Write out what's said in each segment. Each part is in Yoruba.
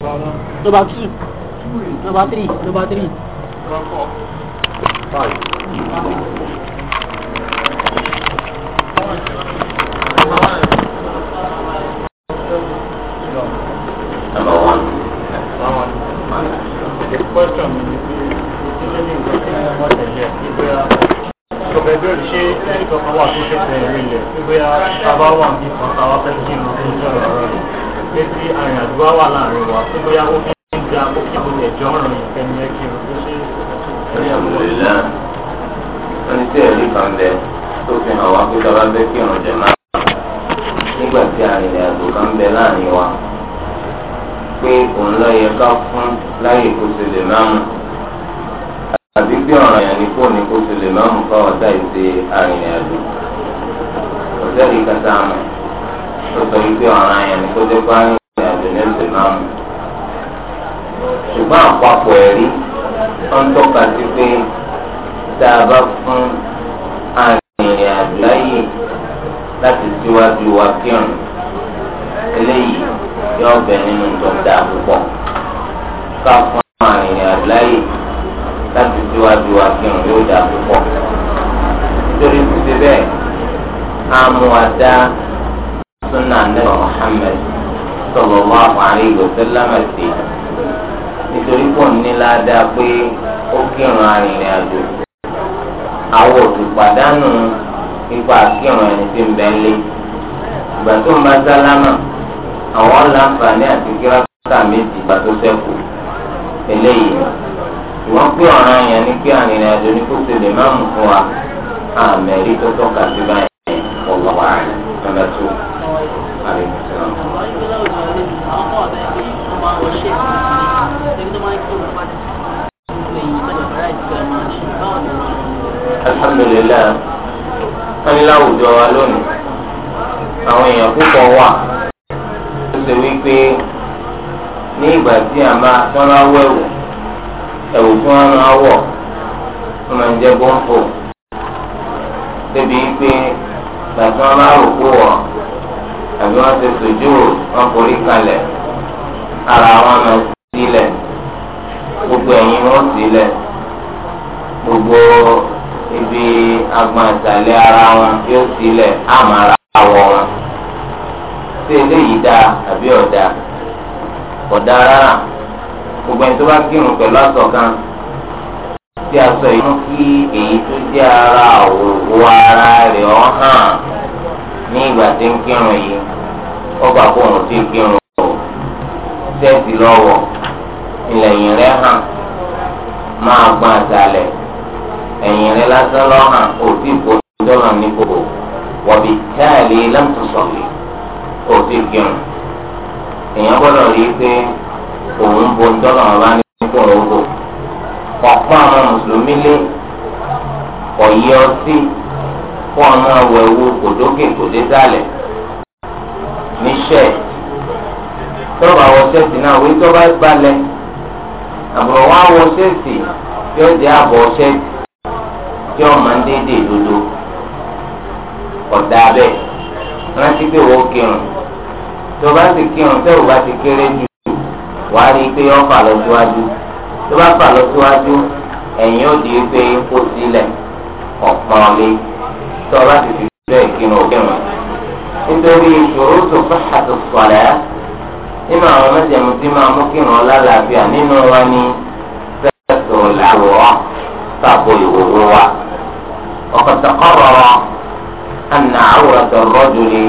Number two. Number three. Number three. Number four. Five. Number one. The question ìjọba ẹgbẹ́ rẹ̀ ṣé ẹnìkan kan wà tó ṣẹ̀ṣẹ̀ rí ilẹ̀ pé bóyá tá a bá wà ní kan tá a wá fẹ́ kí n lọ sí ìjọba rẹ̀ pé tí àrìn àdúrà wà láàrin wa pé bóyá ó fi ń da ó fi àwọn ẹ̀jọ́ ọ̀ràn ìfẹ́ni ẹ̀ kí n tó ṣe. alhamdulilá wọn ní tí ẹ̀rí kan bẹ tó fi hàn wá pé tọ́lá bẹ́ kí ọ̀ràn jẹ̀ máa nígbà tí àrìn àdó kan bẹ láàrin wa pé òun lọ yẹ ká fún láyè kó ṣe lè máa mú àbí pé ọ̀ràn yẹn ni kó ní kó ṣe lè máa mú káwọn táì ṣe àrìn àdó ọ̀sẹ̀ rí kata àmọ́ tó sọ wípé ọ̀ràn yẹn ni kó tó bá ní ìrìnàjò ní oṣù náà mú. ṣùgbọ́n àpapọ̀ ẹ̀rí wọ́n tọ́ka sí pé tá a bá fún arìnrìnàjò láyè láti síwájú wa kírun eléyìí yóò bẹ nínú tó dáa púpọ̀ ká fún arìnrìnàjò láyè láti síwájú wa kírun yóò dáa púpọ̀ nítorí ti ṣe bẹ́ẹ̀ á mú wa dáa sunna anabi muhammed sallallahu alaihi wasallam sí nítorí pọ̀ ní ládàá pé ó kírun arìnrìn àjò àwọn òtù pàdánù ipa kírun ẹni tí ń bẹ lé ìgbà tó ń bá sálámà àwọn láǹfààní àti kíráfà méjì ìgbà tó ṣẹ́kù eléyìí wọ́n pé ọ̀ràn yẹn ní kí arìnrìn àjò ní kó ṣe lè má mú fún wa àmẹ́rí tó tọ́ka sí báyìí ọ̀gbọ̀n wa ọ̀nà tó alhamdulilayi wọn ní láwùjọ wa lónìí àwọn èèyàn púpọ̀ wà ó ṣe wípé ní ìgbà tí a máa tí wọn bá wẹ̀wù ẹ̀wù tí wọn máa wọ̀ wọn máa ń jẹ bọ́ǹpọ̀ débi wípé ìgbà tí rò pé wọ̀ àbí wọ́n ṣe sojú wọn forí kalẹ̀ ara wọn máa sílẹ̀ gbogbo ẹ̀yìn wọn sílẹ̀ gbogbo ibi agbọn àtàlẹ́ ara wọn yóò sílẹ̀ àmàrà àwọ̀ wọn ṣé eléyìí dáa àbí ọ̀dà ọ̀dà rárá gbogbo ẹni tó bá kírun pẹ̀lú aṣọ kan tí aṣọ yìí mú kí èyí tó jẹ́ ara òwò ara rẹ̀ ọ̀ ní ìgbà tí ń kírun yìí ọgbà kó òun ti kírun o tẹ́sí lọ́wọ́ ìlẹ̀yìn rẹ̀ hàn máa gbọ́n àtàlẹ̀ ẹ̀yìn rẹ̀ lásán lọ́hàn òtí ìfowópamọ́ nípò wọ̀bí táàlì lẹ́mtọ̀sọ̀lì òtí kírun èèyàn gbọ́dọ̀ rí i pé òun bo dọ́là ọ̀la nípò òwò ọ̀pọ̀ àwọn mùsùlùmí lé ọ̀yẹ́ ọtí fún ọmọ ẹwọ ẹwọ kòdókè kòdé dálẹ̀ ní ṣẹ́ẹ̀tì tọ́ba wọ ṣẹ́ẹ̀tì náà wí tọ́ba balẹ̀ àbúrò wa wọ ṣẹ́ẹ̀tì tí ó jẹ́ àbọ̀ ṣẹ́ẹ̀tì tí ó máa ń dédé dodo ọ̀dà bẹ́ẹ̀ rántí pé wọ́n kírun tọ́ba ti kírun tẹ́wọ́ bá ti kéré jù wà rí i pé ó fà lọ síwájú tó fà lọ síwájú ẹ̀yìn ó di pé ó sílẹ̀ ọ̀pọ̀n lé tó bá ti fi bẹ́ẹ̀ kí ni òkè mọ́. nítorí ìṣòro tó fẹ́ àtòkọ̀lẹ́ nínú àwọn mẹ́jẹ̀mú tí máa mú kí ìrànlá làbíà nínú wa ní fẹ́ẹ̀tò làwọ̀ tàbó ìwòwò wa. ọ̀pọ̀ tọkọ̀rọ̀ àná àwòrán rọ́jòlè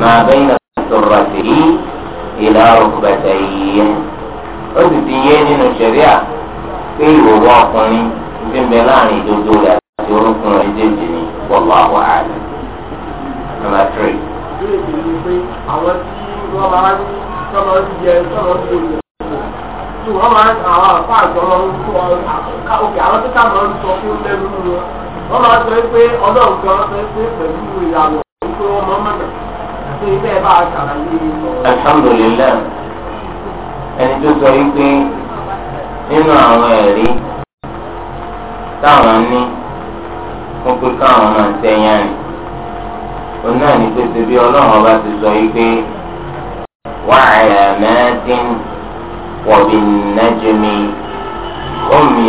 máa bẹ́yìn sọ̀rọ̀ sí ìlà òkúbẹ̀tẹ̀ yìí. ó sì ti yé nínú ṣẹ̀ríà pé ìwòwò ọkùnrin ti ń bẹ láàrin ìdodo rẹ̀ àti orúkún rẹ̀ jẹjẹrẹ wallahu a'lam. number three. àwọn tí wọ́n máa ń sọ̀rọ̀ jẹ sọ̀rọ̀ tó yẹ tí wọ́n máa ń àwọn àfa àjọlọ ń sọ òkè àwọn tí káàmù ń sọ fún lẹ́nu wọn wọ́n máa sọ pé ọlọ́run kan sọ pé pẹ̀lú ìyàwó tó wọ́n mọ́ mọ́tà tó ilé ẹ̀ bá a ṣàlàyé sọ. alhamdulilayi ẹni tó sọ yìí pé nínú àwọn ẹ̀rí táwọn ní fún pé káwọn máa ń sẹ́yìn àná òun náà ní pé bí ọlọ́run ọba ti sọ yìí pé wà á yà máa ti ń wọ̀bì nájúmi omi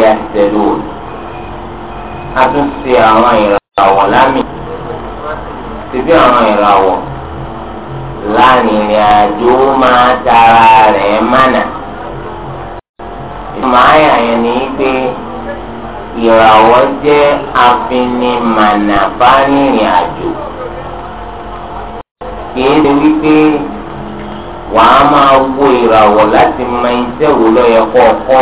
a tún ṣe àwọn ìràwọ̀ lámì síbí àwọn ìràwọ̀ lánìrìn àjò máa tara rẹ̀ mánà ìmọ̀ àyà yẹn ní pé ìràwọ̀ jẹ́ afinimànà bá rìnrìn àjò kìí ṣe wípé wàá máa wo ìràwọ̀ láti mọ iṣẹ́ wo ló yẹ kó ọkọ́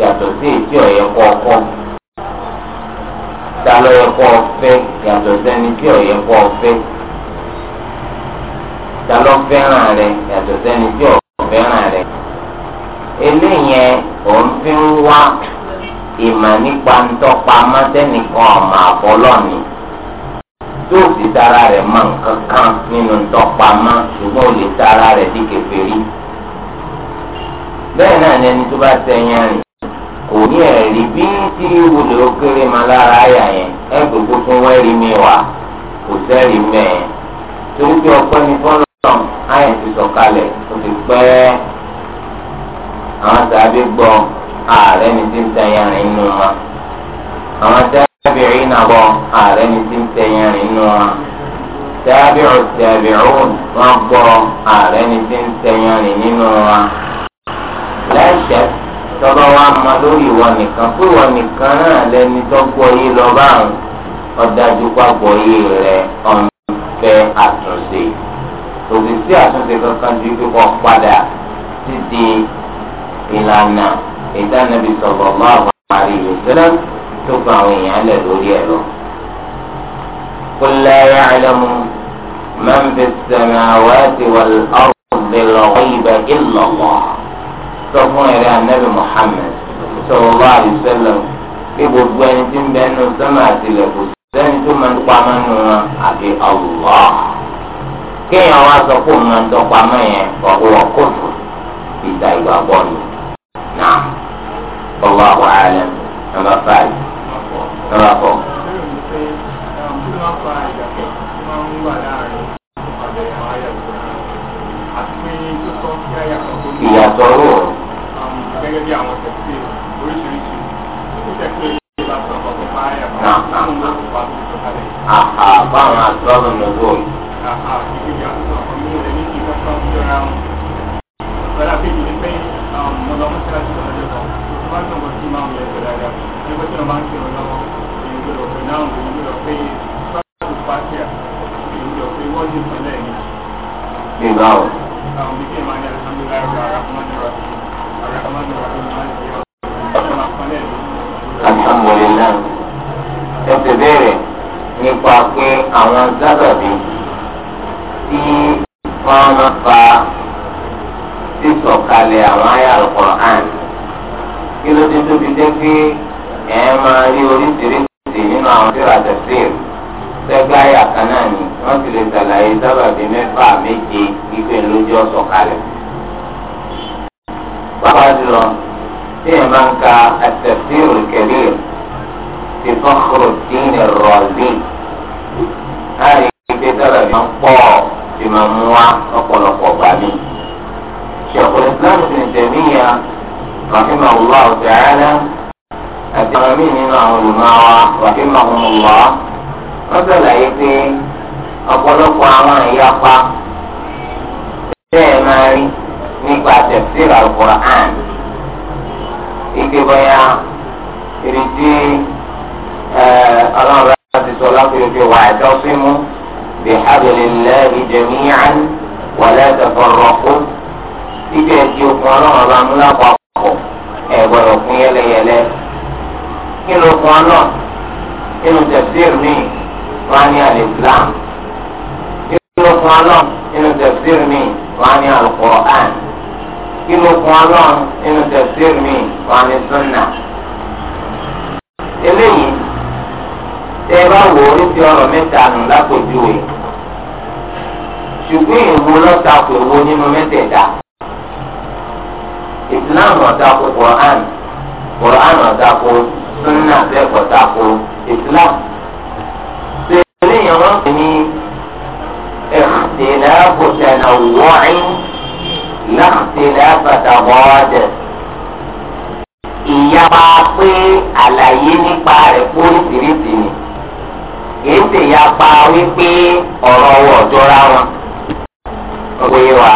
yàtọ̀ sí èsì ọ̀yẹ́ kó ọkọ́ ta ló yẹ kó ọfẹ́ yàtọ̀ sẹ́ni tí ọ̀yẹ́ kó ọfẹ́ ta ló fẹ́ràn rẹ yàtọ̀ sẹ́ni tí ọ̀fẹ́ràn rẹ eléyẹn òun fi ń wá ìmọ̀ nípa ntọ́pa mọ́tẹ́nìkan ọ̀mà àbọ́lọ́ni yóò sì tara rẹ̀ mọ nǹkan kan nínú ntọ́pa mọ́ ṣùgbọ́n ò lè tara rẹ̀ di kèfèrí. bẹ́ẹ̀ náà ni ẹni tó bá sẹ́yìn rìn kò ní ẹ̀rí bí tí wulè ó kéré ma lára àyà yẹn ẹgbẹ́ kó tún wẹ́rí mi wá kò sẹ́rí mẹ́ẹ̀. torí pé ọpẹ́ ní fọ́nrán àyà ti sọ̀kalẹ̀ ó ti pẹ́ àwọn tàbí gbọ́ ààrẹ ni ti ń tẹ̀yìn rìn nù wọn àwọn tábìrì náà bọ̀ ààrẹ ni ti ń tẹ̀yìn rìn nù wọn tábìrì tábìrún wọn bọ̀ ààrẹ ni ti ń tẹ̀yìn rìn nínú wọn lẹ́sẹ̀ tọ́lọ́ wa mọ lórí ìwọ nìkan fún ìwọ nìkan náà lẹni tó gbọ́ yé lọ báwọn ọ̀dájú pàgbọ́ yé rẹ̀ ọ̀nfẹ́ àtúnṣe òbí sí àtúnṣe kankan ju kíkọ́ padà títí ìlànà ìdá nàbí sọ̀rọ̀ máa wà parí ìwòsílẹ̀ tó gba àwọn èèyàn lẹ̀ lórí ẹ̀ lọ. kúlẹ̀ ayé àlẹ́mu máa ń fi sẹ̀mẹ̀ àwọn ẹ̀sìn wà ọ̀rùnlẹ̀ lọ́wọ́ ibẹ̀ ìlọ̀wọ̀. sọ fún ẹ̀rẹ́ anábì Muhammad sọ̀rọ̀ bá àdìsẹ́lẹ̀ bí gbogbo ẹni tí ń bẹ nù sẹ́mẹ̀ àtìlẹ̀ kò sẹ́ni tó máa ń pamọ́ nù wọn àbí ọ̀wọ́. kéèyàn wá sọ fún òun máa yẹn ọ̀wọ́ نعم الله أعلم نمبر فايف نمبر فور ìyàtọ̀ rẹ̀ o. gẹ́gẹ́ bí àwọn tẹ̀sí oríṣiríṣi ó mọ́ṣáláṣí ọ̀rọ̀ lẹ́kọ̀ọ́ tó bá gbọ̀ngàn sí máa ń yẹ ẹ̀jẹ̀ dáadáa ní bó tilẹ̀ máa ń kírun lọ́wọ́ èyí gbọ́dọ̀ pé náà èyí gbọ́dọ̀ pé fáwọn pàṣẹ èyí gbọ́dọ̀ pé wọ́n ti pín lẹ́yìn. ìgbà wo. àwọn bí kí n máa ní alhamdulilayi ọ̀rọ̀ arákùnrin alhamdulilayi ẹ ti bẹ̀rẹ̀ nípa pé àwọn sábàbí tí wọ́n máa fa sísọ̀kalẹ̀ àwọn àyà Al-Qur'an kí ló dé tó fi dé pé ẹ̀ máa rí oríṣiríṣi nínú àwọn tíra tẹ̀síìr sẹ́gbẹ́ àyà kan náà ni wọ́n ti lè ṣàlàyé sábàbí mẹ́fà méje gbígbé lójú ọ̀sọ̀kalẹ̀. bàbá jùlọ tí ẹ̀ máa ń ka at-Tafsir al-Kabir ti Fakhruddin ar-Razi láàrin ìgbésọ̀rọ̀ yẹn pọ̀ ìmọ̀ mú wa ọ̀pọ̀lọpọ̀ gbà mí. شيخ الإسلام ابن تيمية رحمه الله تعالى التلاميذ معه المعوى رحمهم الله مثل أيدي ọ̀pọ̀lọpọ̀ àwọn ìyapa bẹ́ẹ̀ máa rí nípa tẹ̀síra alukur'an ike bóyá ìrètí ọlọ́run bá ti sọ lápẹ̀lẹ́pẹ̀ wà á dọ́símú bí hablil lahi jami'an wa la tafarraqu títí ẹ di okùn ọlọ́run ọba mú lápapọ̀ ẹ gbọ́dọ̀ fún yẹlẹyẹlẹ kí ló kún ọlọ́ nínú tẹ̀síìrì mi wọ́n á ní àlè Islam kí ló kún ọlọ́ nínú tẹ̀síìrì mi wọ́n á ní Al-Qur'an kí ló kún ọlọ́ nínú tẹ̀síìrì mi wọ́n á ní Sunna. eléyìí tẹ ẹ bá wò ó ti ọ̀rọ̀ mẹ́ta nù lápòjúwe ṣùgbọ́n ìwo kò wo nínú mẹ́tẹ̀ẹ̀ta ìsìláàmù ọ̀dàkó Qur'an Qur'an ọ̀dàkó sunna bẹ́ẹ̀kọ̀ dàkó ìsìláàmù. sèlè yẹn wọ́n pè ní ikhtilafu tanawwu'in la ikhtilafa taghaad. ìyapa pé àlàyé nípa rẹ̀ póríṣiríṣi ni kì í sì yapa wípé ọ̀rọ̀ wọ̀ jọra wọn. ọ̀gbìn wa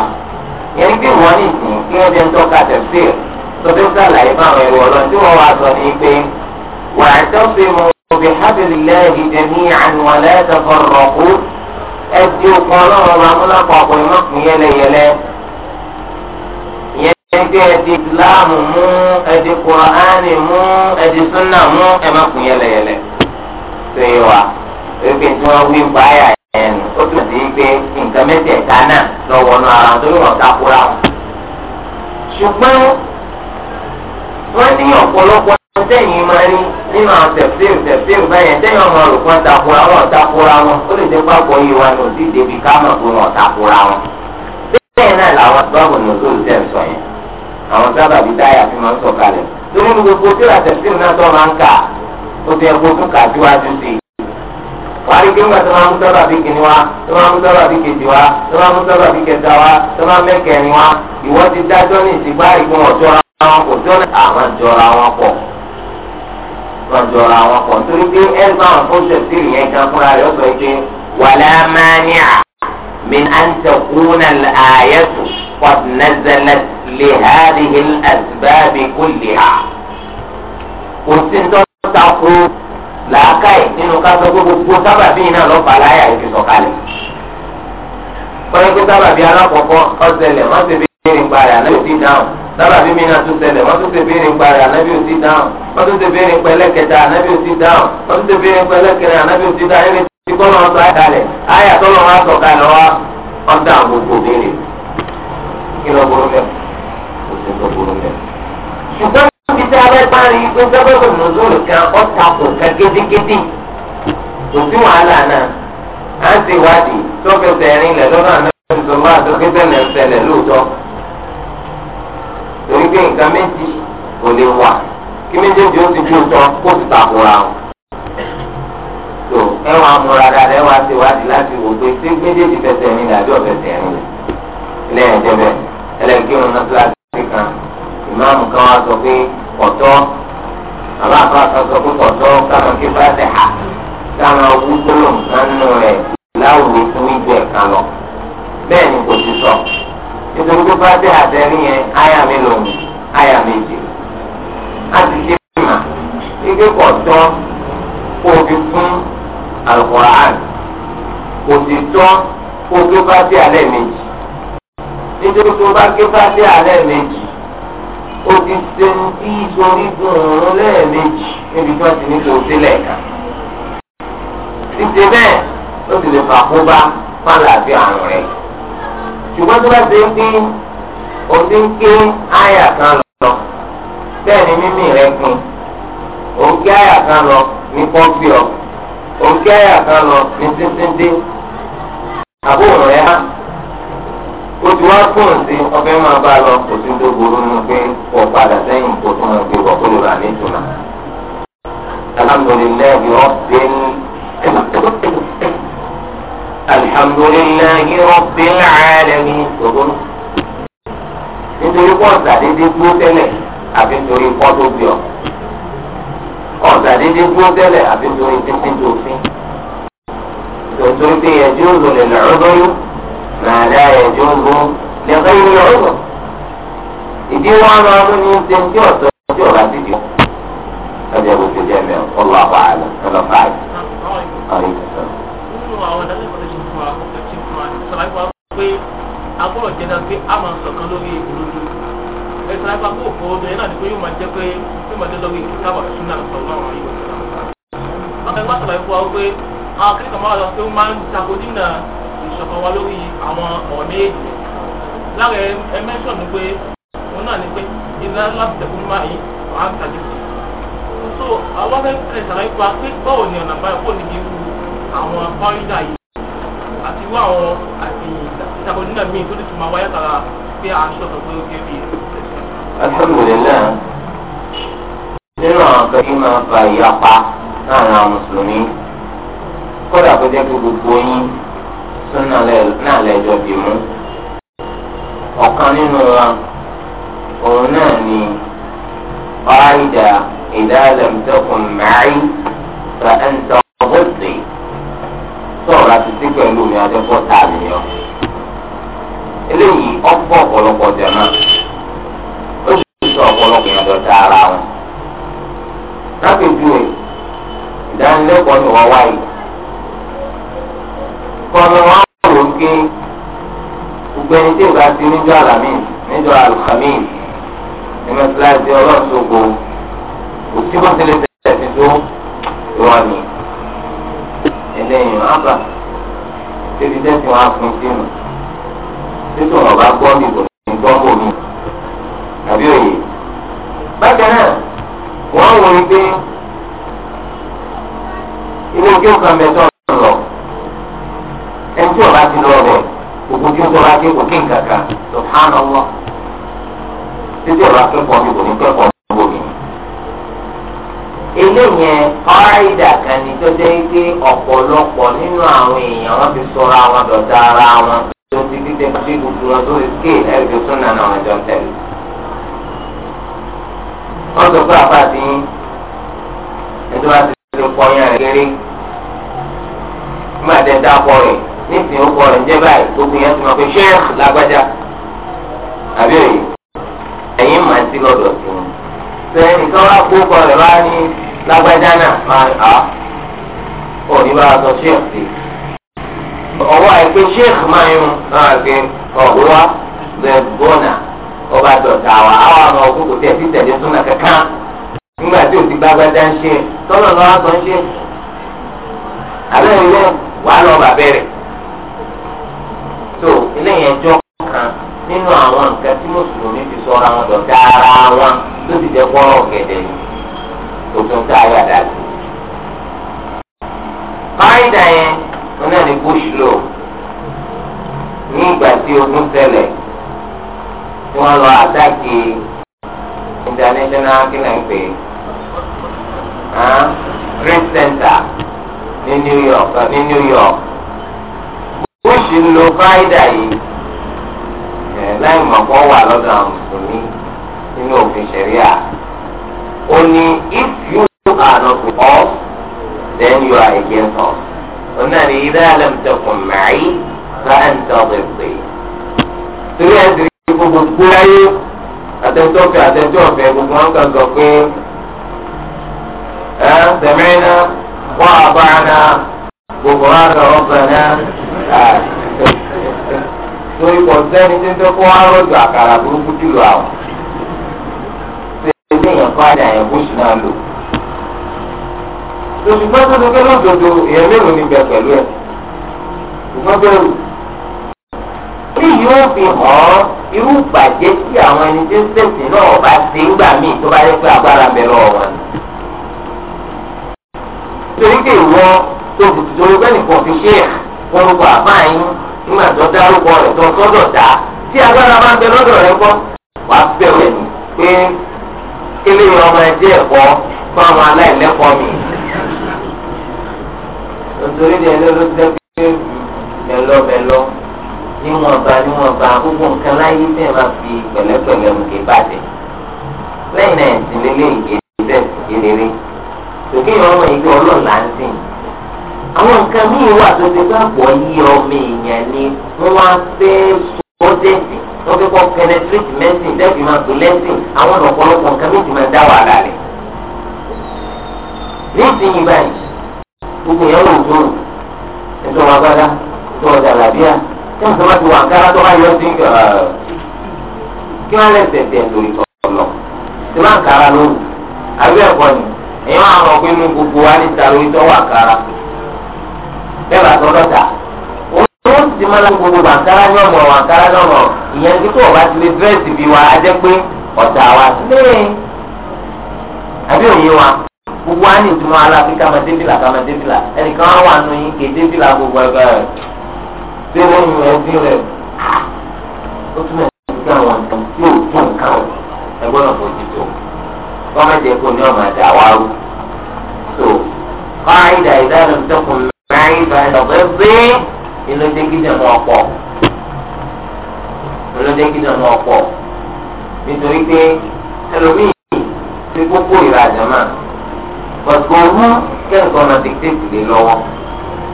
yẹn bí wọ́n ní kí wọ́n jẹ́ ń tọ́ka tẹ̀síl tọ́tún sàlàyé fáwọn ẹ̀rọ ọlọ́run tí wọ́n wá sọ ní pé wà á tọ́ fi mu òbí hábìlìlẹ́ẹ̀hì jẹ̀mí ànúwọ̀lẹ́ ẹ̀dọ́fọ̀rọ̀kú ẹ di okun ọlọ́run ọba múlápọ̀ ọkùnrin mọ́kùn yẹlẹyẹlẹ ìyẹn pé ẹ di ìsìláàmù mú ẹ kùránì mú ẹ súnà mú ẹ mọ́kùn yẹlẹyẹlẹ ṣe ebi tí wọ́n wí báyà ẹ̀ẹ́n ó tún ti ń gbé nǹkan mẹ́tẹ̀ẹ̀ta náà lọ́wọ́ náà torí wọ́n takura wọn ṣùgbọ́n wọ́n ní ọ̀pọ̀lọpọ̀ tẹ̀yìn máa ní nínú àwọn tẹ̀fíìmù tẹ̀fíìmù báyẹn tẹ̀yìn ọmọ olùkọ́ ń takora wọn ń takora wọn ó lè dẹ́pọ̀ àpò yìí wa ní òsì débi ká mọ̀ pé wọ́n takora wọn. bẹ́ẹ̀ náà làwọn àgbàbọ̀ ní oṣù tẹ̀ ń sọ yẹn àwọn sábàbí táyà fi máa ń sọ kalẹ̀ torí ní gbogbo tíra tẹ̀fíìmù náà tó máa ń kà ó ti ẹ̀kọ́ tún kà síwájú sí wàá rí gbẹ́ngbà tó máa mú sábà bí kìíní wa tó máa mú sábà bí kejì wa tó máa mú sábà bí kẹta wa tó máa mẹ́kẹ̀rin wa ìwọ ti dájọ́ ní ìsìgbà ìgbọ́n ọ̀jọ́ra wọn kò jọ́ra àwọn jọra wọn pọ̀ wọn jọra wọn pọ̀ nítorí pé ẹ̀rù bá wọn fọ́ṣọ̀ sí ìyẹn kan fúnra rẹ̀ ọ̀sọ̀ ike wàlá mánìà min an takuna al-ayatu qad nazalat làákàyè nínú kásán gbogbo sábàbí iná lọ́fà láyà ìfi sọ̀kalẹ̀. wọ́n kó sábàbí alákọ̀ọ́kọ́ ọ̀sẹ̀lẹ̀ wọ́n ti fi béèrè ń parẹ́ ànábì òsì dáhùn sábàbí mìíràn tún ṣẹlẹ̀ wọ́n tún ti béèrè ń parẹ́ ànábì òsì dáhùn wọ́n tún ti béèrè ń pẹ́lẹ́ kẹta ànábì òsì dáhùn wọ́n tún ti béèrè ń pẹ́lẹ́ kẹrin ànábì òsì dáhùn ẹni tí kọ́ lọ́wọ́ sọ àkàlẹ̀ ayà tó lọ́wọ́ sọ kalẹ̀ títí abẹ́párí tó gbẹ́gbẹ́gbẹ́ lòzóró kan ọ̀tàkùn kan gédégédé kò sí wàhálà náà à ń ṣe ìwádìí tó fẹsẹ̀ rìn lẹ̀ lọ́nà àná ìṣòro àdókẹ́sẹ̀ lẹ̀ ń ṣẹlẹ̀ lóòótọ́ torí pé nǹkan méjì kò lè wà kí méjèèjì ó ti dúró tán kó ti tàkùrà o tó ẹ wà á múra dáadáa ẹ wà á ṣe ìwádìí láti wò pé ṣé méjèèjì fẹsẹ̀ rìn lẹ̀ àbí ọ̀fẹsẹ̀ rìn ẹ̀jẹ̀ bẹ́ẹ̀ ẹlẹ́gbẹ̀rún ìmáàmù kan wá sọ pé ọ̀tọ́ bàbá àbá kan sọ pé ọ̀tọ́ káwọn kí bá ti hà káwọn owó tó lò nǹkan nù rẹ̀ láwùjọ fún ìjọ ẹ̀ka lọ. bẹ́ẹ̀ ni kò ti sọ nítorí pé bá ti àtẹrí yẹn áyà mi lò ní áyà méje. a ti ṣe ìmà ike kò tọ́ kó o fi fún al kò sì tọ́ kó o tó bá ti méjì nítorí pé o bá ké bá ti méjì òbí sẹ́ńtì sórí dùn lẹ́ẹ̀mejì níbi tí wọ́n ti ní kò sílẹ̀ kan. títí bẹ́ẹ̀ ló ti lè fà kó bá pàlàbí àrùn rẹ̀. ṣùgbọ́n tó bá ṣe ń pín òbí ń ké àyà kan lọ bẹ́ẹ̀ ni mímì rẹ̀ pin òun ké àyà kan lọ ní pọ́ńpì ọ̀ òun ké àyà kan lọ ní tíntíntín àbúrò rẹ̀ hàn ó ti wá fún sí ọbẹ̀ máa bá a lọ kò sí tó burú nínú pé kò padà sẹ́yìn kò tún wọn gbé wọ́n kó lè rà ní ìtura. alhamdulilayi rabbil alhamdulilayi rabbil alamin tòun. nítorí pọ́ọ̀sì àdédé gbó tẹ́lẹ̀ àfi nítorí pọ́ọ̀tò bíọ̀ ọ̀sà dédé dúró tẹ́lẹ̀ àfi nítorí títí tó fi. Tòun torí pé ẹ̀jú òzò lè lọ́rọ́ ما لا يجوز لغير عذر ìdí wọn máa ń ní ṣe ń tí ọ̀sọ́ tí ọ̀rọ̀ àti ìdí ọjọ́ ìbò ṣe jẹ́ mẹ́rin ọlọ́ àpá àlọ́ ọlọ́ fàájì. nínú àwọn ìdájọ́ ìfọ̀dé ṣe fún wa ọ̀sẹ̀ tí fún wa ṣàlàyé wa pé agbọ́dọ̀ jẹ́ náà pé a máa ń sọ̀kan lórí ìlú ẹ ṣàlàyé wa kó òfò obìnrin náà ni pé yóò máa jẹ́ pé yóò máa jẹ́ lórí ìkábà ṣúná sọ̀rọ̀ àwọn ìwọ̀n ìṣọ̀kan wa lórí àwọn ọ̀nà èdè lára ẹ mẹ́sàn-án pé òun náà ni pé ìlà láti tẹ̀kún máa yí wàá tàbí sí i so àwọn fẹ́ kẹ́ ìṣàlàyé pa pé báwo ni ọ̀nà báyìí kò níbi irú àwọn kọ́rídà yìí àti irú àwọn ìtàkùn nígbà míì tó ti tún máa wáyé tara pé aṣọ kan pé ó gé bí ẹsẹ̀. alhamdulilayi nínú àwọn kan yìí máa fa ìyapa láàrin àwọn mùsùlùmí kódà kó jẹ́ pé gbogbo yín súnà náà lẹ́jọ́ dì mú. ọ̀kan nínú wa òun náà ni ọ̀ráìdà ìdálẹ́mùtẹ́kùn mẹ́rin fẹ́ẹ́ntà ọ̀bọ̀dé sọ̀rọ̀ àti sí pẹ̀lú mi adẹ́kọ̀ tà nìyọ. eléyìí ọ̀pọ̀ ọ̀pọ̀lọpọ̀ jẹ̀ náà ó sì ọ̀pọ̀lọpọ̀ ìyàtọ̀ tá ara wọn. lápẹ̀jú ẹ̀ ìdánilẹ́kọ̀ọ́ ni wọ́n wá mọ́sálásí níjọ́ àlàmì níjọ́ àlùkàmì ní mọ́sálásí ọlọ́ọ̀ṣogbo òtí bó ti lè tẹ̀sí tó ìwọ̀n ni ẹlẹ́yìn ábà tẹ́lẹ̀ tẹ́sí wọn á fún sínú títún wọn bá gbọ́ mi kò ní gbọ́ bò mí àbí òye. bákan náà wọ́n wọ pé ilé ìjọba mẹ́tọ́ lọ ẹni tí ọba ti lọ bẹ̀ òkújú tó bá dé òkè nǹkankan tó hàn lọ́wọ́ títí ọ̀rọ̀ akẹ́kọ̀ọ́ mi kò ní kẹ́kọ̀ọ́ mi wò mí. eléyẹn ọ̀ráìdà kan ní tó jẹ́ pé ọ̀pọ̀lọpọ̀ nínú àwọn èèyàn wọn ti sọra wọn dọ̀tá ara wọn tó ti dídé sí gbogbo wọn tó lè ké ẹ̀rọ tó nà náà ọjọ́ tẹ̀lé. wọ́n sọ pé àbá ti ń ẹjọ́ bá ti ṣe kọyàn rẹ̀ kéré. nígbà tẹ́ dákọ̀ rẹ̀ nísìnyí ó kọ rẹ̀ ń jẹ́ báyìí gbogbo yẹn ti máa pe sheikh lágbájá àbí òye ẹ̀yin máa ń sí lọ́dọ̀ sí wọn. sẹ́yìn nìkan wá kó kọ rẹ̀ wá ní lágbájá náà máa à ó ah, ní bá a sọ sheikh sí. ọwọ́ àìpé sheikh máa ń máa gbé ọ̀húwá gbẹ̀gbọ́nà ọba dọ̀tà wa àwọn àmọ́ òkúkú tẹ̀ sí tẹ̀lé súnà kankan nígbà tí òsì gbàgbàdá ń ṣe tọ́lọ̀ lọ́wọ́ sọ ń ṣe àbẹ́rẹ́ wàá lọ bàbẹ́rẹ́ eléyẹn jọ kan nínú àwọn nǹkan tí mùsùlùmí fi sọra wọn dọ̀tá ara wọn tó ti jẹ́ kọ́rọ̀ gẹ̀dẹ̀ ni òtún tá a yà dá sí. máìdà yẹn wọn náà ní bush law ní ìgbà tí ogun ṣẹlẹ̀ tí wọ́n lọ àtàkì international kílẹ̀ ń pè Center ní New York ní New York ti lo fáìdà yìí láì mọ̀ kó wà lọ́dọ̀ àwọn mùsùlùmí nínú òfin ṣẹ̀ríà ó ní if you are not with us then you are against us ó náà ní ilé àlẹ́mùtẹ́kùn màáyí láǹtẹ̀ ọ̀gbẹ̀gbẹ̀ torí ẹ̀ ti gbogbo gbúráyé àtẹ̀tọ́fẹ́ àtẹ̀tọ́fẹ́ gbogbo wọn kàn sọ pé ẹ̀ sẹ̀mẹ́rìnà wọ́n àbáraná gbogbo wọn kàn ọ̀gbẹ̀ná àti torí kò sẹ́ni tí ń fẹ́ kó wá rọ̀jò àkàrà burúkú jùlọ àwọn. ṣé ilé èèyàn kan àjà yẹn bó ṣì náà lò. òṣùpá tó ti fẹ́ lọ́dọọdọ èèyàn mélòó ni bẹ pẹ̀lú ẹ̀. ṣùgbọ́n bẹ́ẹ̀rù. kí yóò fi hàn án irú bàjẹ́ tí àwọn ẹni tí ń ṣẹ̀sìn náà bá ṣe ń gbà míì tó bá yẹ pé agbára bẹ lọ́wọ́ wọn. torí pé ìwọ tó bùtù nígbà tó dárúkọ rẹ̀ tó sọ́dọ̀ dá tí agbára máa ń bẹ lọ́dọ̀ rẹ̀ kọ́ wà á bẹ̀rù ẹ̀ pé kílí ọmọ ẹjẹ́ ẹ̀kọ́ fún àwọn aláìlẹ́kọ̀ọ́ mi. nítorí ni ẹni ló jẹ́ pé bẹ̀lọ bẹ̀lọ níwọ̀nba níwọ̀nba gbogbo nǹkan láyé tẹ̀ máa fi pẹ̀lẹ́pẹ̀lẹ́ mú kí bàjẹ́ lẹ́yìn náà ẹ̀sìn lélẹ́yìn kì í bẹ́ẹ̀ kéré sókè ọmọ ìgbẹ́ ọlọ́ọ̀lá àwọn nǹkan míì wà tó ti gbàgbọ́ yí ọmọ èèyàn ni wọ́n wá fẹ́ sọ́dẹ̀sì wọ́n fẹ́ kọ́ penetrate medicine dẹ́bi máa tó lẹ́sìn àwọn ọ̀pọ̀lọpọ̀ nǹkan méjì máa dá wàhálà rẹ̀. ní ìsinyìí báyìí gbogbo èèyàn ló dùn ẹjọ́ wa gbádá ẹjọ́ ọjà làbíà kí wọ́n sọ́mọ́ ti wà kára tó wáyé ọtí kí wọ́n lẹ́sẹ̀ tẹ̀ lórí ọ̀lọ́ tí wọ́n kára lóru àbí ẹ̀kọ́ ni èèyàn àwọn ọ̀pẹ́ nínú gbogbo wa níta lórí tọ́wọ́ àkàrà ẹwà tó lọ́tà ti máa ń gbogbo wàǹkárá ní ọmọ wàǹkárá ní ọmọ ìyẹn kí tó o bá ti lè dírẹ́sì bí wa á jẹ́ pé ọ̀tá wa sílẹ̀ àbí òye wa gbogbo wa ní ìtumọ̀ aláfíríkà máa débìlà ká máa débìlà ẹnìkan á wà nù yín kè débìlà gbogbo ẹgbẹ́ rẹ̀ ṣé wọ́n yún ẹbí rẹ̀ ó túmọ̀ sí pé àwọn nǹkan tí ò tó nǹkan ò ẹgbọ́n náà kò jù tó wọ́n mẹ́jẹ kó ní ọmọ àdá wa rú. so قاعدة إذا لم تكن ìgbà ìlọ̀gbẹ́ gbé ìlódé gídé mọ́ ọ̀pọ̀ ìlódé gídé mọ́ ọ̀pọ̀ nítorí pé ẹlòmíì ti gbogbo ìrajà máa gbọ̀gbọ̀n mú kẹ́kọ̀ọ́ náà ti tètè lé lọ́wọ́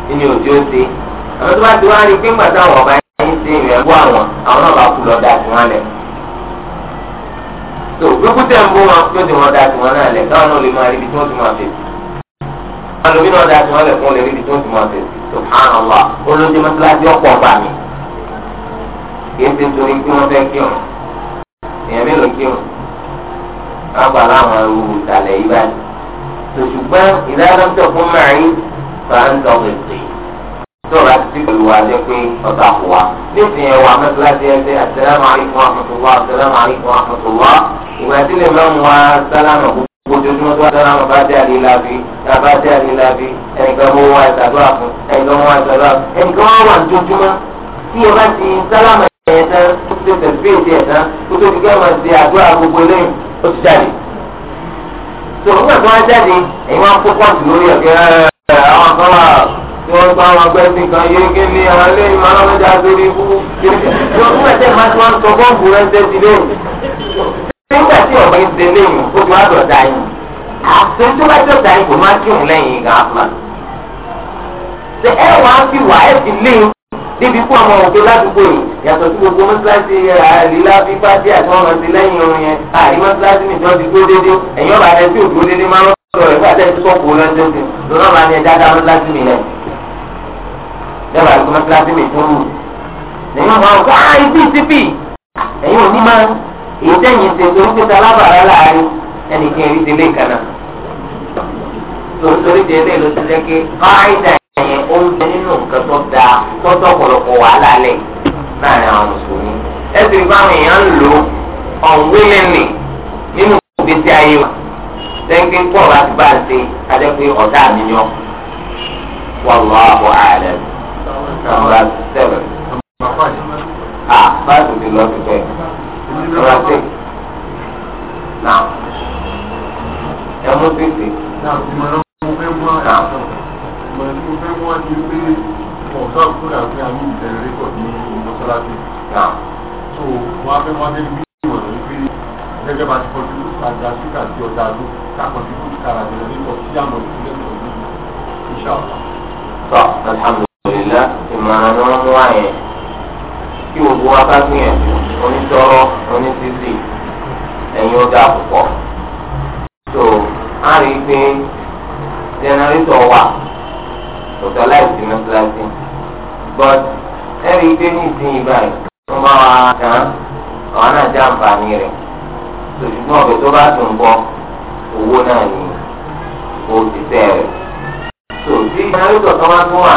nínú òjò ṣe àwọn tó bá ti wá rí pé pàtó àwọn ọba yẹn ṣe ìrìn ẹ̀bú àwọn àwọn náà bá kú lọ dá sí wọn lẹ̀. tó lókùtẹ̀ ń bó wọn tó ti wọn dá sí wọn náà lẹ̀ káwọn náà lè máa rí ibi tí wọ́n ti máa fèsì alùpùpù náà dáa tí wọ́n lè fún lè rí ibi tó ń tìmọ̀ sí subhanallah olóde mọ́tíláṣí ọ̀pọ̀ ọ̀gbà mi kì í ṣe torí kí wọ́n fẹ́ kírun èèyàn mélòó kírun wọ́n gbà láwọn ewu ìsàlẹ̀ yìí báyìí tòṣùgbọ́n ìdáyàtọ̀ fún mẹ́rin fàáńtọ̀ gbèsè sọ̀rọ̀ àti pẹ̀lú wa jẹ́ pé ọ̀tà kù wa nísìnyí ẹ̀ wà mẹ́tíláṣí ẹ̀ ṣe àṣẹlámù àríkùn àfọ̀tòwá àṣẹlámù àríkùn àfọ̀tòwá ìgbà tí lè máa ń wá sálámù ojoojúmọ́ tó wá dáná wọn bá dé àlélá bí bàbá dé àlélá bí ẹnìkan mú wọn àìsàdúrà fún ẹnìkan mú wọn àìsàdúrà fún ẹnìkan wọn wà ojoojúmọ́ tí o bá ti sálámà ẹ̀yẹ tán tó ti tẹ̀ sí èdè ẹ̀ tán tó tó ti kẹ́ wọn ṣe àdúrà gbogbo lẹ́yìn ó ti jáde. tó nígbà tó wọn jáde ẹ̀yin wọn kó pọ́ǹtì lórí ọ̀kẹ́ àwọn kan wà tí wọ́n gbọ́ àwọn agbẹ́sìn kan yé kí ni àwọn eléyìí máa ń lọ́jà sórí ikú. tó nígbà tẹ̀ máa ti wọ́n sọ bọ́ǹbù rẹ̀ ń tẹ́ nígbà tí ọ̀gá ń ṣe léyìn ó ti wá dọ̀dá yìí àti tó bá dọ̀dá yìí kò máa kírun lẹ́yìn gan afúlà. ṣe ẹ wàá fi wà ẹ fi léyìn débi fún àwọn ọ̀dọ́ ládùúgbò yìí yàtọ̀ sí gbogbo mọ́sálásí àlìlá fífá tí àti wọn ti lẹ́yìn orin yẹn àrí mọ́sálásí nìjọ́ ti dúró déédéé ẹ̀yìn ọ̀rọ̀ àti ẹ̀sìn òdúró déédéé máa ń rọ̀ ẹ̀ fún àtẹ̀sí sọ́kù lọ́jọ́ sí lọ́nà èyí tẹ̀yìn ṣe tó ń pèsè alábàárà láàrin ẹnì kí n rí délé ìkànnà lórí délé ló ti jẹ́ pé káàdà yẹn ó ń bẹ nínú nǹkan tó da tọ́tọ́ ọ̀pọ̀lọpọ̀ wàhálà lẹ̀ láàrin àwọn mùsùlùmí ẹ sì rí báwọn èèyàn ń lò ọ̀nwélẹ̀nì nínú ìgbésí ayé wa sẹ́ńkì pọ̀ láti bá a ṣe adẹ́pẹ́ ọ̀tá mi yọ wallahu a'lam number seven. ah báyìí ti lọ sí bẹ́ẹ̀ ọ̀rọ̀ àti nà ẹ̀mú tètè. Nà ìmọ̀ràn mo fẹ́ wá ẹ̀sán. Ìmọ̀ràn tí mo fẹ́ wá ni pé ọ̀gá òkúta àti àmì ìbẹ̀rẹ̀ rẹ́kọ̀ ní mọ́sálásí. Nà so wọ́n á fẹ́ wá dé bí ìwọ̀n ní pé gẹ́gẹ́ bá ti kọjú àjà síkà sí ọjà ló kákọ̀jú kú kára jẹ̀rẹ̀ nípa sí àmọ̀ ìpínlẹ̀ ọ̀gbìn. Ìṣàlá. Sọ alhamdulilayi ìmọ̀ràn ni wọ́n mú wáyẹn kí gbogbo wa bá gbìyànjú onítọ́rọ́ onítìsí ẹ̀yin ó dáa púpọ̀ so a rí i pé jẹnẹrétọ̀ wà tòtọ́ láìsí mẹ́tíláṣí but ẹ rí i pé ní ìsinyìí báyìí wọ́n bá wa kàn án náà já àǹfààní rẹ̀ ṣùgbọ́n ọ̀bẹ tó bá tún bọ́ owó náà ni o ti tẹ̀ rẹ̀ so tí jẹnẹrétọ̀ tó wá tún wà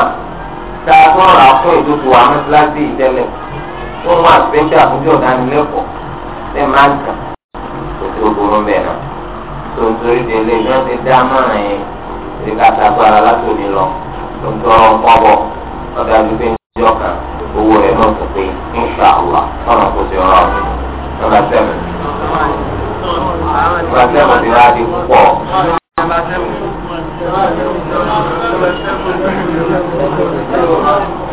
tá a tún rà fún ìdókòwò amẹ́tíláṣí ìtẹ́lẹ̀ tó mú àpéjọ àbújọ ìdánilẹ́kọ̀ọ́ lẹ́ẹ̀ máa ń kà kò sí ogoro bẹ́ẹ̀ náà tó ń torí de ilé ìjọ ti dá mọ́ràn yẹn èyí ká sàtó ara látòní lọ tó ń tọrọ pọ́bọ̀ ọ̀dà gbígbé ìjọ kan owó rẹ̀ náà tó pé insha Allah ọ̀nà kò sí ọ̀rọ̀ ọ̀hún nọ́mbà sẹ́mi nọ́mbà sẹ́mi ti wá di pọ̀. Thank you.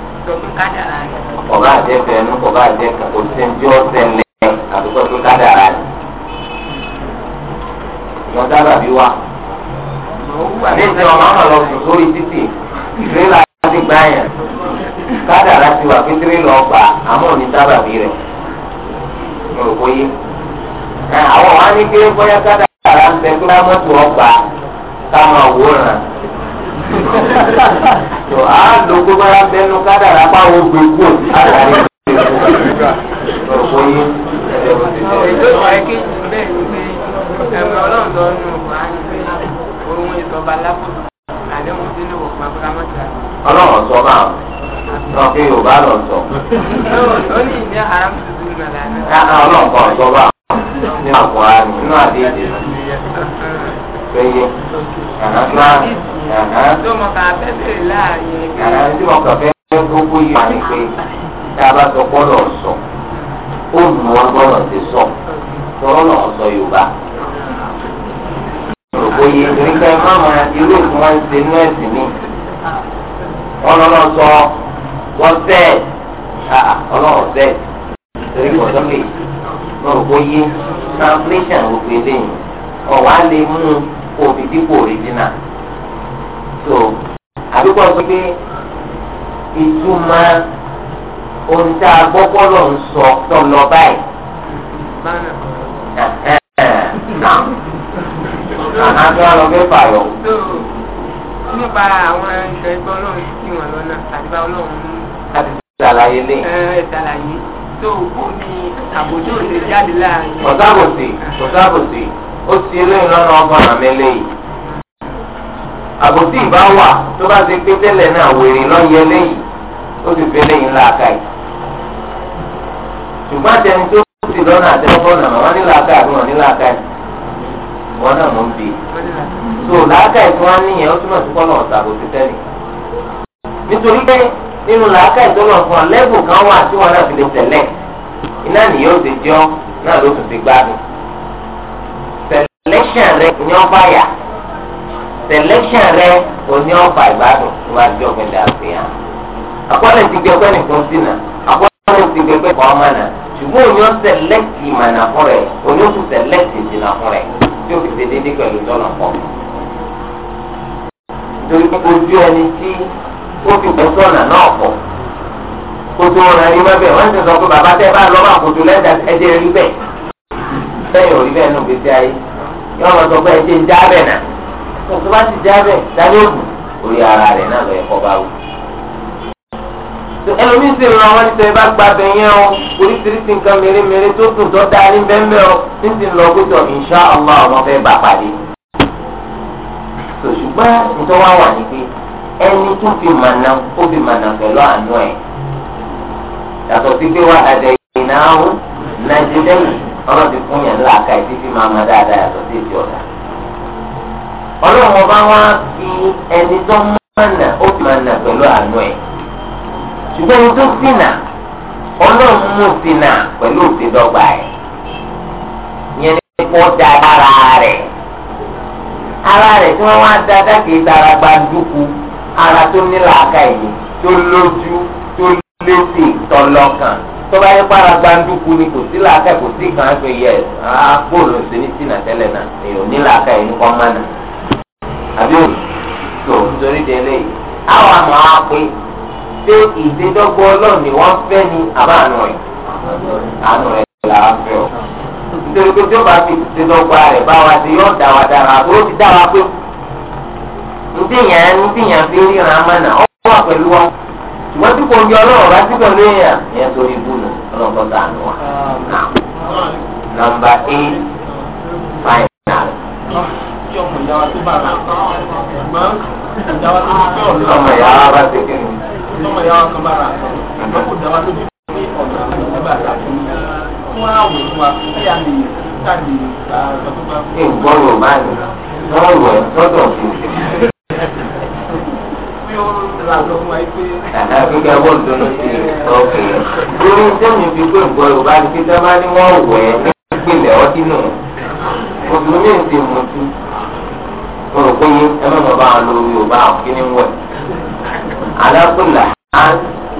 ọba àjẹfẹ ẹnu ọba àjẹfẹ kò sí ní ọsẹ ńlẹ àdúgbò tó kádàrá ni wọn dábàá bí wa níbi ọmọ àwọn lọ sùn sórí títì tírélà ti gbá yẹn kádàrá ti wà pé tírélà ọgbà àmọ́ òní dábàá bí rẹ mo rò bóyé àwọn wa ní pé bóyá kádàrá ń bẹ pé mọ́tò ọgbà ká máa wò ràn tó a lò tó bá bẹnu kádàrá bá wo gbé kú àtàrí ìgbésẹ̀ ètò ìwáyéké bẹ́ẹ̀ ni pé ẹ̀mí ọlọ́run lọ nù wá ní pé ohun ìtọ́ba lápòtò àdéhùn sínú òkú abúlámọ́tà. ọlọ́run sọ máa lọ kí yorùbá lọ sọ. ó ní ìdí haram tuntun nàlá. ọlọ́run kan sọ máa ní àpò àrùn nínú àdéhùn péye. Àná tí mo kàn fẹ́ gbogbo yìí wà ní pé tá a bá sọ gbọ́dọ̀ sọ, ó nù wọ́n gbọ́dọ̀ ti sọ, tọ́rọ́ náà sọ Yorùbá. Òye ìrìnkà máa ma irú òkú wọn ṣe ní ẹ̀sìn mi. Wọ́n lọ́nà sọ wọ́n sẹ́ẹ̀ ọlọ́run sẹ́ẹ̀ torí kò sọ́kè. Mo rò pé yé translation òfin lẹ́yìn ọ̀wá lè mú un kó o fi dípò òrìjìnà so àdúgbò sọ pé ìtumọ̀ ohun tá a gbọ́ pọ́lọ̀ ń sọ tó lọ báyìí. Àná lọ fẹ́ fàyọ̀. Nípa àwọn ìṣọ̀ ẹgbẹ́ ọlọ́run sí wọn lọ́nà àdìbá ọlọ́run mú. Láti ṣàlàyé lé. Ẹ ṣàlàyé. Tó o kú ni àbójú òde jáde láàrin. Kọ̀sáàbòsì, kọ̀sáàbòsì. ó ti eléyìí lọ́nà ọgọ́rùn-ún mẹ́lẹ́yìí. àbòsí ìbá wà tó bá ti pé tẹ́lẹ̀ náà wèrè lọ́yẹ lẹ́yìn ó sì fi lẹ́yìn láàká yìí. ṣùgbọ́n àtẹni tó ti lọ́nà àtẹnudọ́nà wọn ní làákà àbí wọn ní làákà yìí wọn náà mọ̀ ń bì í. so làákà ìfún wa níyẹn ó túmọ̀ sí kọ́nà ọ̀sà àbòsí tẹ́lẹ̀. nítorí pé nínú làákà ìtọ́nà fún ọ lẹ́bù kan wà tí wọn náà fi lè selection rẹ ní ọba yà selection rẹ òní ọba ìbádùn níwájú ọ̀gbìn dàgbé yà àkọọ́lẹ̀ ti gbẹgbẹ́ nìkan sí nà àkọọ́lẹ̀ ti gbẹgbẹ́ kọ́ ọmọ nà ṣùgbọ́n òní ọ̀ select ìmọ̀nà fún rẹ òní òkú select ìdìnnà fún rẹ tí ó fi ṣe déédéé pẹ̀lú tọ́nà pọ̀ nítorí pé ojú ẹni tí ó fi pẹ̀ sọ̀nà náà pọ̀ kojú ọ̀nà rí má bẹ́ẹ̀ wọ́n ti sọ pé bàbá tẹ́ bá lọ́ bá kojú ẹ̀jẹ̀ rí bẹ́ẹ̀ bẹ́ẹ̀ ò bẹ́ẹ̀ nù gbèsè ayé yóò máa sọ pé ẹ ti ń jábẹ̀ náà tó bá ti jábẹ̀ dábẹ́ ògùn orí ara rẹ̀ náà lọ ẹ̀kọ́ bá wù. ẹlòmíín sì ràn wọ́n nítorí bá gba abẹ yẹn o oríṣiríṣi nǹkan mèremère tó dùn tó dáa ní bẹ́ẹ̀ o ní ti lọ gbọ́dọ̀ insha Allah ọmọ fẹ́ bá pàdé. ṣùgbọ́n nítorí wá wà ní pé ẹni tó fi mànà ó fi mànà pẹ̀lú àánú ẹ̀ yàtọ̀ sí pé wà á dẹ̀ ìnáwó nàìjíríà ọlọ́run ti fún yẹn láàka ìdí fi máa ma dáadáa yàtọ̀ sí ìdí ọ̀dà. ọlọ́run ọba wa fi ẹni tó mọ̀nà ó fi máa nà pẹ̀lú àánú ẹ̀. ṣùgbọ́n ẹni tó ṣìnà ọlọ́run mú ṣìnà pẹ̀lú òṣèdọ́gba ẹ̀. ìyẹn ni kò da ara rẹ̀. ara rẹ̀ tí wọ́n wá da dákì ìtara gbàdúkú ara tó ní làákà ìdí tó lójú tó lóṣè tọ́lọ́kàn tọ́ba yẹn para gbanduku ni kò sí làákà kò sí kàn án pé yẹ àpòlù ṣe ní sínà tẹ́lẹ̀ náà èèyàn ní làákà yẹn kọ́ mọ́ náà àbí òní tó nítorí délé yìí àwọn àmọ́ á pé ṣé ìdédọ́gbọ́ ọlọ́ọ̀ni wọ́n fẹ́ ni àbá àánú rẹ̀ àánú rẹ̀ là á fẹ́ ọ. nítorí pé tí ó bá fi ìdédọ́gba rẹ̀ bá wa ṣe yóò dá wa dára àbúrò ti dá wa pé ndíyàn ndíyàn fi ríran mọ́nà ọ ṣùgbọ́n tí kò yọ ọlọ́run bá tí kò ní èèyàn ìyẹn torí bùnú ọlọ́run kọ́ sànù wa. nọ́mbà eight final. ọmọ ìyàwó bá ti kí ni. ọmọ ìyàwó kan bára àtọ̀ kò dáwà lójú pé ọ̀nà ìjọba àtàkùn fún àwòrán wa kí a lè ta lè ta ìjọba. ìgbọ́rọ̀ báyìí wọ́n wọ̀ sọ́dọ̀ yẹn bó dunu sí i. lórí sẹ́yìn fi pé nǹkan yorùbá ni pété máa ní wọ́n wẹ̀ ẹ́ nípìnlẹ̀ ọtí nù. mùsùlùmí ń ti mutí. mo rò pé ẹ má bàbá wọn lo yorùbá kíní wẹ̀. alákùnlà á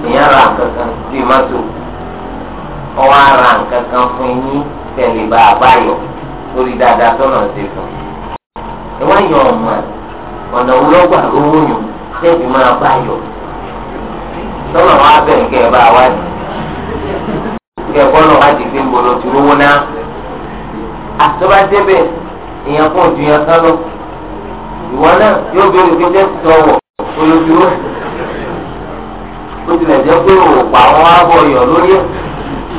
nìyẹn ra kankan sí mọ́tò. ọwọ́ ara kankan fún yín tẹ̀lé bá a bá yọ lórí dáadáa tọ́nà ṣe fún. ẹ wá yọ ọmọ ọ̀nà olóògbà owó yàn tẹ́ẹ̀bì máa bá tọ́lọ̀ wọn abẹ́ nǹkẹ́ ẹ̀ bá wá sí kẹ́ bọ́lọ̀ wá di pé ń bolo ti rówó náà àtọ́bá débẹ̀ èèyàn fún òjò yẹn kán lọ ìwọ náà yóò béèrè pé jẹ́ sọ̀wọ̀ olójúwò ó tilẹ̀ jẹ́ pé òòpà àwọn abọ̀ yọ̀ lórí ẹ̀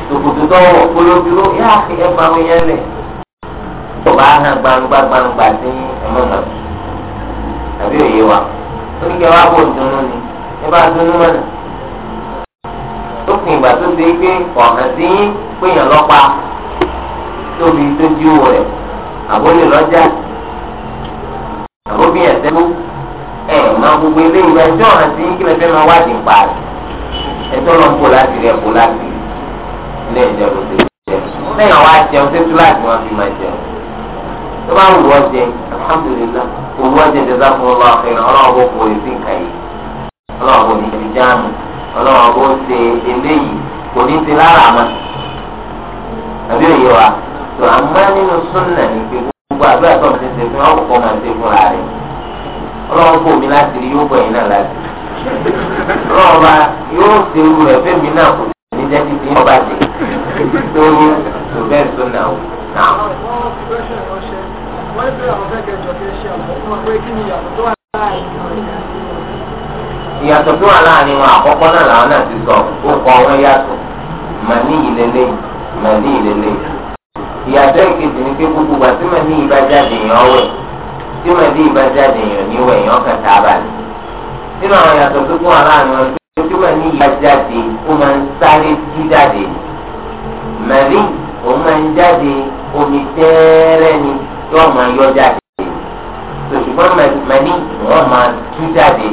tòkòtò tọ̀wọ̀ olójúwò yá ẹ pa mi yẹn lẹ̀ ọba hàn gbangba gbangba sí ẹ̀mọ́ náà àbí òye wa ó ní kí ẹ wá bò dùnú ni ẹ bá dùnú mọ́nà lópin ìgbà tó ṣe pé ọ̀nà sí péyàn lọ́pa tóbi tó jí owó rẹ̀ àbólè lọ́jà àbóbí ẹ̀sẹ̀ mú ẹ̀ máa gbogbo eléyìí rẹ̀ tí ọ̀nà sí kí lẹ́fẹ́ máa wá dín pa rẹ̀ ẹjọ́ lọ ń kó láti rẹ̀ kó láti ilé ẹ̀jẹ̀ ló ti jẹ lẹ́yìn àwọn àjẹun tó tú láti wọn fi máa jẹun tó bá wù wọ́n jẹ alhamdulillah òwú ọ̀jẹ̀ jẹ́ sáfún ọlọ́ọ̀fẹ́ ọlọ́ọ̀bọ̀ kò ì ọlọ́run bó ṣe eléyìí kò ní ti lára àmọ́ àbí òye wa tó àmọ́ nínú súnà ní pé gbogbo àbí àtọ̀ ti ṣe fún ọkọ̀ máa ṣe fúnra rẹ̀ ọlọ́run kò mí láti rí yóò bọ̀ yín náà láti ọlọ́run bá yóò ṣe irú rẹ̀ fẹ́mi náà kò sí ní jẹ́ títí yóò bá dé tó ní tó bẹ́ẹ̀ súnà o. Wọ́n ń bẹ̀rẹ̀ àwọn kẹjọ kí ìyàtọ̀ tó wà láàrin wọn àkọ́kọ́ náà làwọn náà ti sọ ó kọ wọn yàtọ̀ mà ní ìlélẹ̀ mà ní ìlélẹ̀ ìyàtọ̀ ìkejì ni pé gbogbo gbà tí mà ní ìbá jáde èèyàn wẹ̀ tí mà ní ìbá jáde èèyàn níwẹ̀ èèyàn kan tá a bà ní. nínú àwọn ìyàtọ̀ tó kún wà láàrin wọn pé tí mà ní ìbá ó máa ń sáré sí jáde mà ní òun máa ń jáde omi tẹ́ẹ́rẹ́ ni tí wọ́n máa yọ jáde. tòṣùgbọ́n mà ní wọ́n máa tú jáde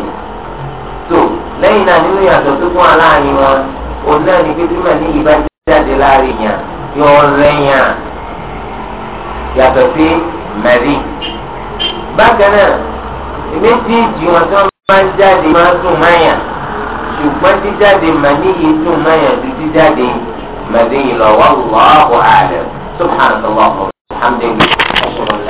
tó lẹ́yìn náà nínú ìyàtọ̀ tó fún aláàárín wọn òun náà ní pé túmọ̀ ní ìbá jáde láàrin yàn yọ rẹ́yàn yàtọ̀ sí mẹ́rì. bákan náà méjèèjì wọn tí wọ́n máa ń jáde máa ń dùn máyà ṣùgbọ́n jíjáde màní yìí dùn máyà ju jíjáde màdé yìí lọ wọ́n lọ́ọ́ àlẹ́ subhanahu wa ta'ala.